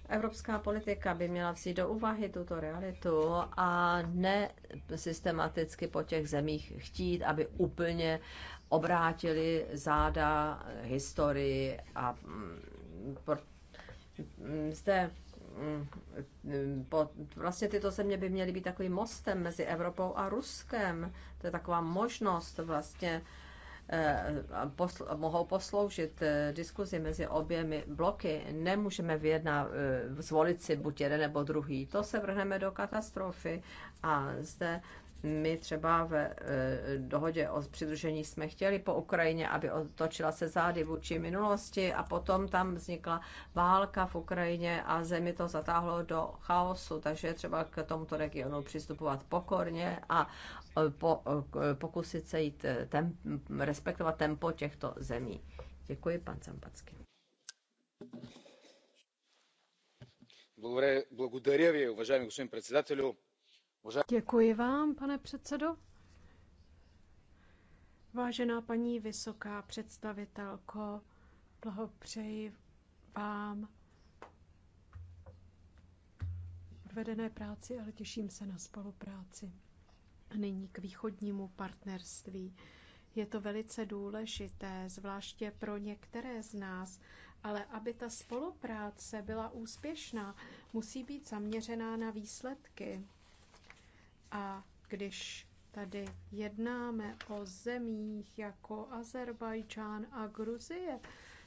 Speaker 3: Evropská politika by měla vzít do úvahy tuto realitu a ne systematicky po těch zemích chtít, aby úplně obrátili záda historii a mm, mm, zde mm, vlastně tyto země by měly být takovým mostem mezi Evropou a Ruskem. To je taková možnost vlastně eh, posl- mohou posloužit eh, diskuzi mezi oběmi bloky. Nemůžeme vyjedna eh, zvolit si buď jeden nebo druhý. To se vrhneme do katastrofy a zde my třeba e, dohodě o přidružení jsme chtěli po Ukrajině, aby otočila se zády vůči minulosti a potom tam vznikla válka v Ukrajině a zemi to zatáhlo do chaosu, takže je třeba k tomuto regionu přistupovat pokorně a e, po, e, pokusit se jít e, tem, respektovat tempo těchto zemí. Děkuji, pan Sampacky.
Speaker 1: Благодаря ви, уважаеми господин председателю.
Speaker 2: Děkuji vám, pane předsedo. Vážená paní vysoká představitelko, blahopřeji vám odvedené práci, ale těším se na spolupráci. A nyní k východnímu partnerství. Je to velice důležité, zvláště pro některé z nás, ale aby ta spolupráce byla úspěšná, musí být zaměřená na výsledky. A když tady jednáme o zemích jako Azerbajdžán a Gruzie,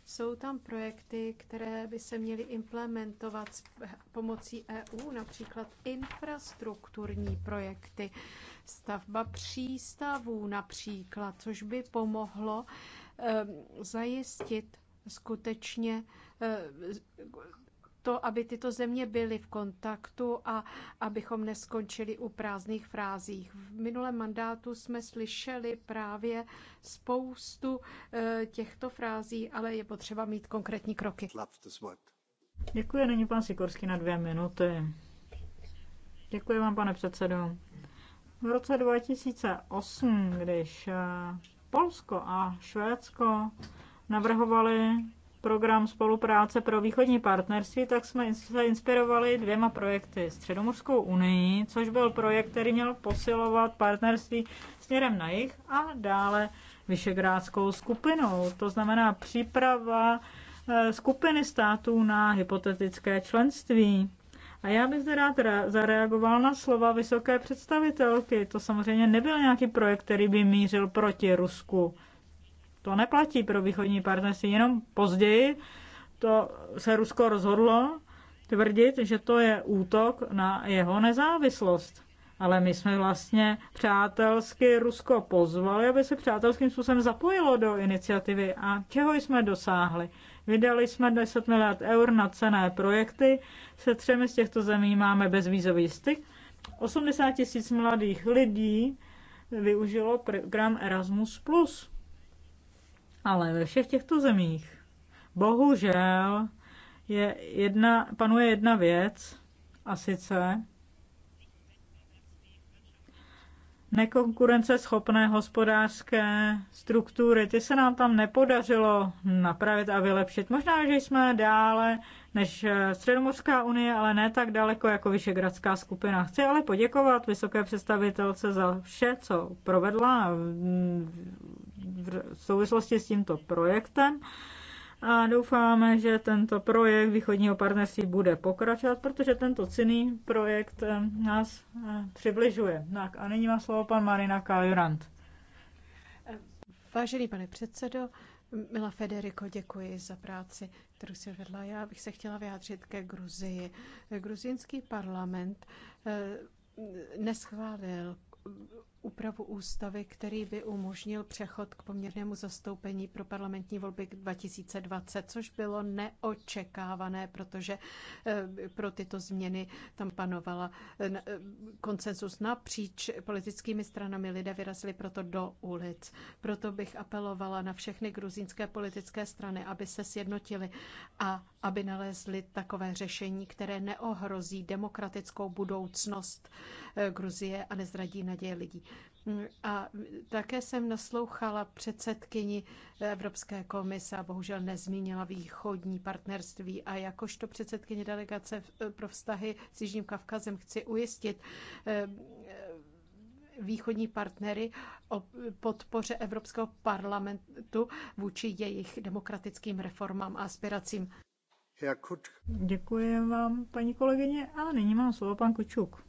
Speaker 2: jsou tam projekty, které by se měly implementovat s pomocí EU, například infrastrukturní projekty, stavba přístavů například, což by pomohlo ehm, zajistit skutečně ehm, to, aby tyto země byly v kontaktu a abychom neskončili u prázdných frázích. V minulém mandátu jsme slyšeli právě spoustu eh, těchto frází, ale je potřeba mít
Speaker 1: konkrétní kroky. Děkuji, není pan Sikorský na dvě minuty. Děkuji vám, pane předsedo. V roce 2008, když eh, Polsko a Švédsko navrhovali program spolupráce pro východní partnerství, tak jsme se inspirovali dvěma projekty. Středomorskou unii, což byl projekt, který měl posilovat partnerství směrem na jich a dále Vyšegrádskou skupinou. To znamená příprava eh, skupiny států na hypotetické členství. A já bych zde rád zareagoval na slova vysoké představitelky. To samozřejmě nebyl nějaký projekt, který by mířil proti Rusku to neplatí pro východní partnerství, jenom později to se Rusko rozhodlo tvrdit, že to je útok na jeho nezávislost. Ale my jsme vlastně přátelsky Rusko pozvali, aby se přátelským způsobem zapojilo do iniciativy. A čeho jsme dosáhli? Vydali jsme 10 miliard eur na cené projekty, se třemi z těchto zemí máme bezvízový styk. 80 tisíc mladých lidí využilo program Erasmus+. Ale ve všech těchto zemích bohužel je jedna, panuje jedna věc, a sice, nekonkurenceschopné hospodářské struktury. Ty se nám tam nepodařilo napravit a vylepšit. Možná, že jsme dále než Středomorská unie, ale ne tak daleko jako Vyšegradská skupina. Chci ale poděkovat vysoké představitelce za vše, co provedla v souvislosti s tímto projektem a doufáme, že tento projekt východního partnerství bude pokračovat, protože tento cený projekt eh, nás eh, přibližuje. Tak a nyní má slovo pan Marina Kajurant.
Speaker 2: Vážený pane předsedo, Mila Federico, děkuji za práci, kterou si vedla. Já bych se chtěla vyjádřit ke Gruzii. Gruzínský parlament eh, neschválil úpravu ústavy, který by umožnil přechod k poměrnému zastoupení pro parlamentní volby 2020, což bylo neočekávané, protože eh, pro tyto změny tam panovala eh, eh, konsenzus napříč politickými stranami. Lidé vyrazili proto do ulic. Proto bych apelovala na všechny gruzínské politické strany, aby se sjednotili a aby nalezli takové řešení, které neohrozí demokratickou budoucnost Gruzie a nezradí naděje lidí. A také jsem naslouchala předsedkyni Evropské komise a bohužel nezmínila východní partnerství. A jakožto předsedkyně delegace pro vztahy s Jižním Kavkazem chci ujistit eh, východní partnery o podpoře Evropského parlamentu vůči jejich demokratickým reformám a
Speaker 1: aspiracím. Děkuji vám, paní kolegyně. A nyní mám slovo pan Kučuk.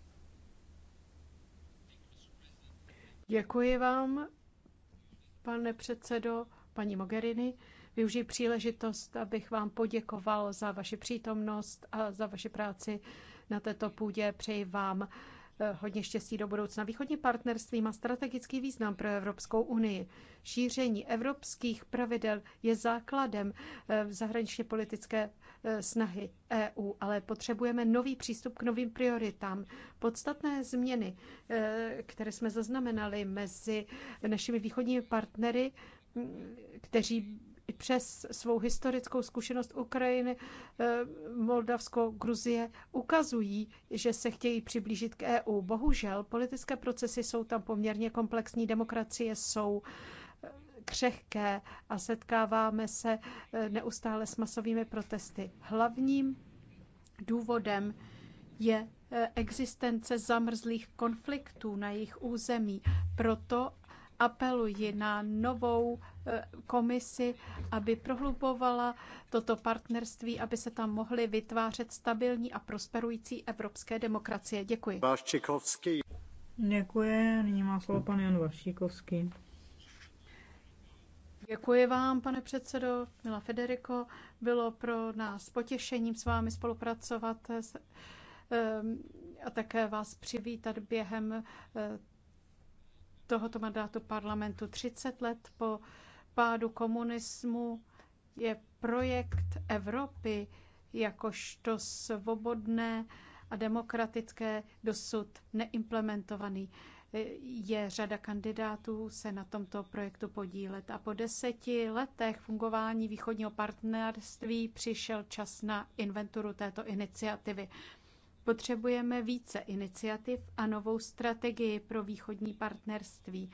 Speaker 1: Děkuji vám,
Speaker 2: pane předsedo, paní Mogherini. Využij příležitost, abych vám poděkoval za vaši přítomnost a za vaši práci na této půdě. Přeji vám eh, hodně štěstí do budoucna. Východní partnerství má strategický význam pro Evropskou unii. Šíření evropských pravidel je základem eh, zahraničně politické Eh, snahy EU, ale potřebujeme nový přístup k novým prioritám. Podstatné změny, eh, které jsme zaznamenali mezi našimi východními partnery, mm, kteří i přes svou historickou zkušenost Ukrajiny, eh, Moldavsko, Gruzie ukazují, že se chtějí přiblížit k EU. Bohužel politické procesy jsou tam poměrně komplexní, demokracie jsou křehké a setkáváme se eh, neustále s masovými protesty. Hlavním důvodem je eh, existence zamrzlých konfliktů na jejich území. Proto apeluji na novou eh, komisi, aby prohlubovala toto partnerství, aby se tam mohly vytvářet stabilní a prosperující evropské demokracie.
Speaker 1: Děkuji. Váščikovský. Děkuji. Nyní má slovo pan Jan Vašíkovský. Děkuji vám, pane
Speaker 2: předsedo. Mila Federico, bylo pro nás potěšením s vámi spolupracovat eh, ehm, a také vás přivítat během eh, tohoto mandátu parlamentu. 30 let po pádu komunismu je projekt Evropy jakožto svobodné a demokratické dosud neimplementovaný je řada kandidátů se na tomto projektu podílet. A po deseti letech fungování východního partnerství přišel čas na inventuru této iniciativy. Potřebujeme více iniciativ a novou strategii pro východní partnerství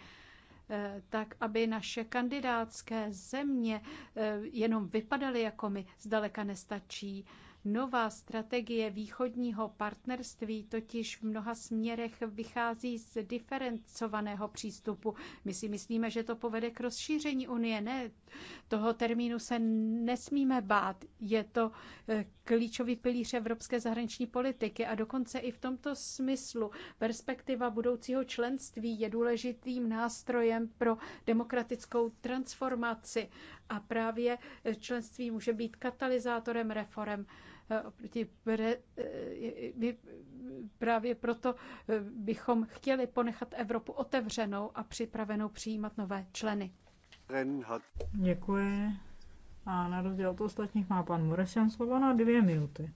Speaker 2: eh, tak aby naše kandidátské země eh, jenom vypadaly jako my, zdaleka nestačí. Nová strategie východního partnerství totiž v mnoha směrech vychází z diferencovaného přístupu. My si myslíme, že to povede k rozšíření Unie. Ne, toho termínu se nesmíme bát. Je to eh, klíčový pilíř evropské zahraniční politiky a dokonce i v tomto smyslu perspektiva budoucího členství je důležitým nástrojem pro demokratickou transformaci a právě eh, členství může být katalyzátorem reform. Eh, oproti pre, eh, my právě proto eh, bychom chtěli ponechat Evropu otevřenou a připravenou přijímat
Speaker 1: nové členy. Děkuji. A na rozdíl od ostatních má pan Muresian slovo na dvě minuty.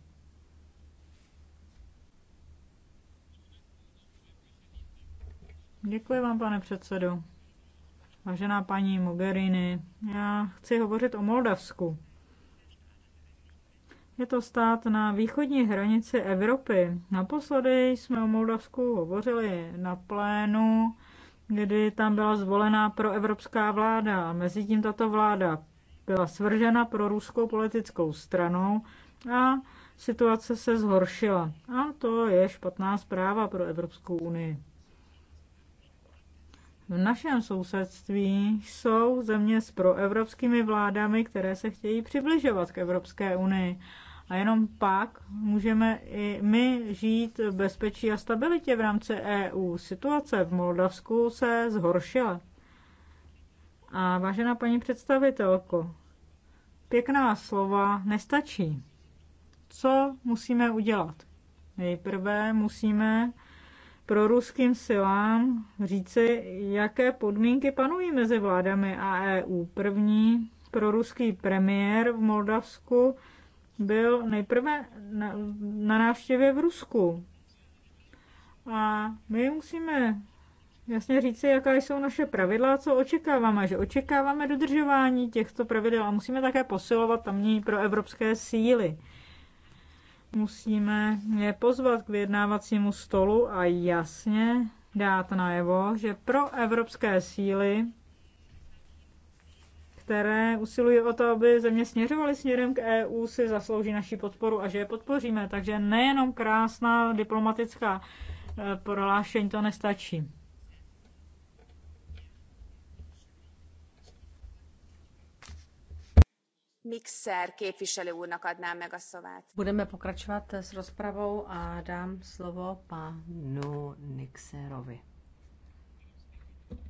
Speaker 1: Děkuji vám, pane předsedo. Vážená paní Mogherini, já chci hovořit o Moldavsku. Je to stát na východní hranici Evropy. Naposledy jsme o Moldavsku hovořili na plénu, kdy tam byla zvolená proevropská vláda. mezi tím tato vláda byla svržena pro ruskou politickou stranou a situace se zhoršila. A to je špatná zpráva pro Evropskou unii. V našem sousedství jsou země s proevropskými vládami, které se chtějí přibližovat k Evropské unii. A jenom pak můžeme i my žít v bezpečí a stabilitě v rámci EU. Situace v Moldavsku se zhoršila. A vážená paní představitelko, pěkná slova nestačí. Co musíme udělat? Nejprve musíme pro ruským silám říci, jaké podmínky panují mezi vládami a EU. První pro ruský premiér v Moldavsku byl nejprve na, na návštěvě v Rusku. A my musíme jasně říci, jaká jsou naše pravidla, co očekáváme, že očekáváme dodržování těchto pravidel a musíme také posilovat tamní pro evropské síly. Musíme je pozvat k vyjednávacímu stolu a jasně dát najevo, že pro evropské síly které usilují o to, aby země směřovaly směrem k EU, si zaslouží naši podporu a že je podpoříme. Takže nejenom krásná diplomatická e, prohlášení to nestačí.
Speaker 3: Mixer képviselő úrnak adnám meg a szavát. Budeme pokračovat s rozpravou a dám slovo panu Nixerovi.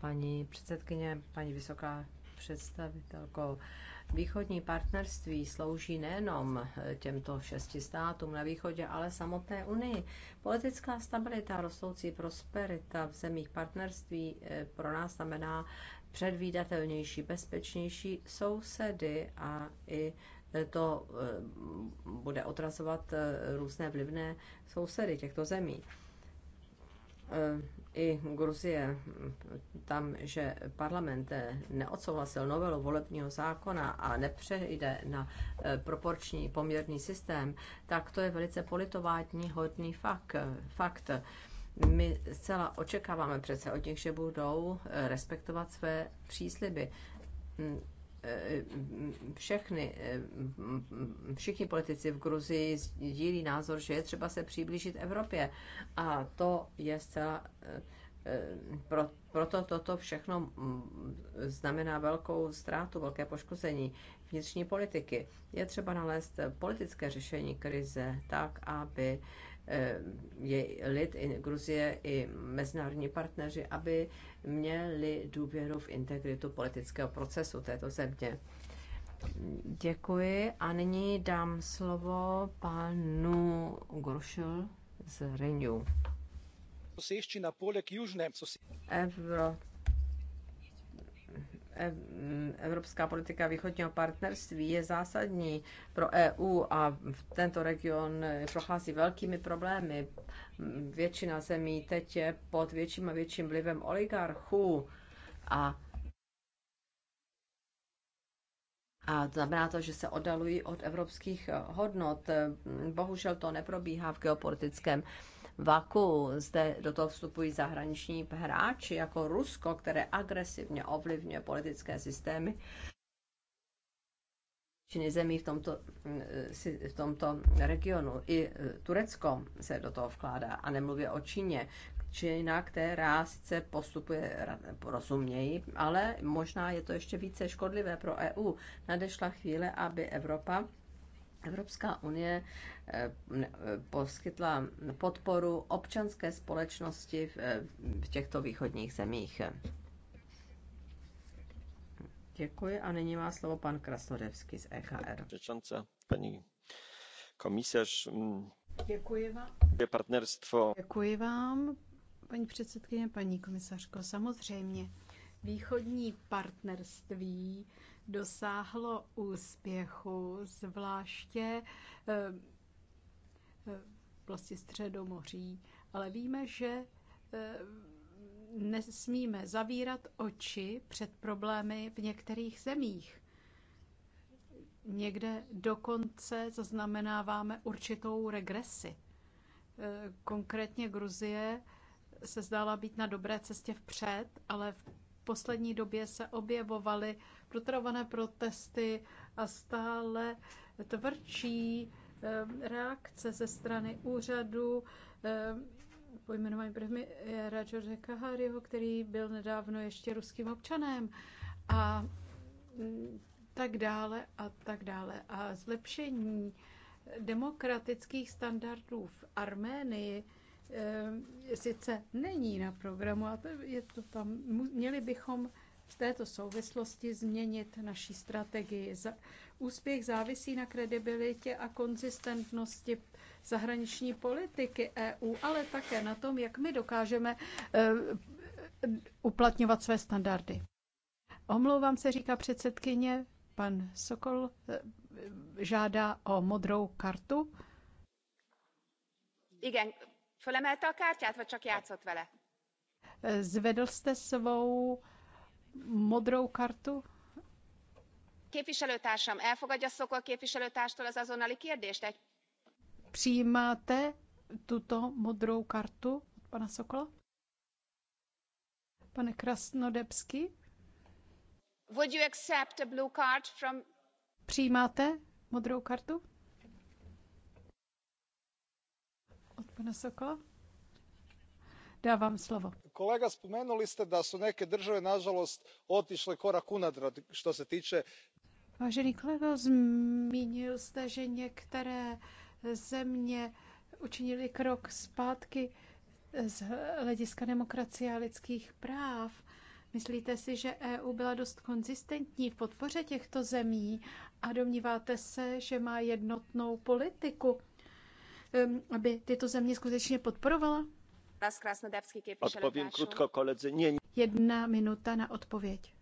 Speaker 3: Paní předsedkyně, paní vysoká představitelkou. Východní partnerství slouží nejenom eh, těmto šesti státům na východě, ale samotné Unii. Politická stabilita, rostoucí prosperita v zemích partnerství eh, pro nás znamená předvídatelnější, bezpečnější sousedy a i eh, to bude odrazovat různé vlivné sousedy těchto zemí i Gruzie, tam, že parlament neodsouhlasil novelu volebního zákona a nepřejde na eh, proporční poměrný systém, tak to je velice politovátní hodný fakt. fakt. My zcela očekáváme přece od nich, že budou eh, respektovat své přísliby Eh, všechny, eh, všichni politici v Gruzii sdílí názor, že je třeba se přiblížit Evropě. A to je zcela eh, pro, proto toto všechno mm, znamená velkou ztrátu, velké poškození vnitřní politiky. Je třeba nalézt politické řešení krize tak, aby Eh, je lid i Gruzie i mezinárodní partneři, aby měli důvěru v integritu politického procesu této země. Děkuji a nyní dám slovo panu Grošil z Renew. Evropa Evropská politika východního partnerství je zásadní pro EU a tento region prochází velkými problémy. Většina zemí teď je pod větším a větším vlivem oligarchů a a znamená to, že se oddalují od evropských hodnot. Bohužel to neprobíhá v geopolitickém vaku. Zde do toho vstupují zahraniční hráči jako Rusko, které agresivně ovlivňuje politické systémy činy zemí v tomto, v tomto regionu. I Turecko se do toho vkládá a nemluvě o Číně. Čína, která sice postupuje rozuměji, ale možná je to ještě více škodlivé pro EU. Nadešla chvíle, aby Evropa Evropská unie eh, eh, poskytla podporu občanské společnosti eh, v těchto východních zemích. Děkuji a nyní má slovo pan Krasnodevský z EKR.
Speaker 2: paní komisař. Mm,
Speaker 3: Děkuji vám.
Speaker 2: Partnerstvo. Děkuji vám, paní předsedkyně, paní komisařko. Samozřejmě, východní partnerství dosáhlo úspěchu, zvláště vlastně středomoří, ale víme, že eh, nesmíme zavírat oči před problémy v některých zemích. Někde dokonce zaznamenáváme určitou regresi. Konkrétně Gruzie se zdála být na dobré cestě vpřed, ale v poslední době se objevovaly protravované protesty a stále tvrdší reakce ze strany úřadu pojmenování premiéra eh, George Kahariho, který byl nedávno ještě ruským občanem a mm, tak dále a tak dále. A zlepšení demokratických standardů v Arménii sice není na programu, a to je to tam, měli bychom v této souvislosti změnit naší strategii. Úspěch závisí na kredibilitě a konzistentnosti zahraniční politiky EU, ale také na tom, jak my dokážeme eh, uplatňovat své standardy. Omlouvám se, říká předsedkyně, pan Sokol eh, žádá o modrou kartu. Igen, fölemelte a kártyát, vagy csak játszott vele? Eh, zvedl jste svou modrou kartu? Képviselőtársam, elfogadja Szokol képviselőtárstól az azonnali kérdést? Egy... Přijímáte tuto modrou kartu od pana Sokola? Pane Krasnodebsky? Would you accept a blue card from... Přijímáte modrou kartu? Od pana Sokola? Dávám slovo
Speaker 1: kolega spomenuli ste da su neke države nažalost otišle korak unatrag što se tiče.
Speaker 2: Vážený kolego, zmínil jste, že některé země učinili krok zpátky z hlediska demokracie a lidských práv. Myslíte si, že EU byla dost konzistentní v podpoře těchto zemí a domníváte se, že má jednotnou politiku, ehm, aby tyto země skutečně podporovala? Odpovím krátce koledze. Nie. Jedna minuta na odpověď.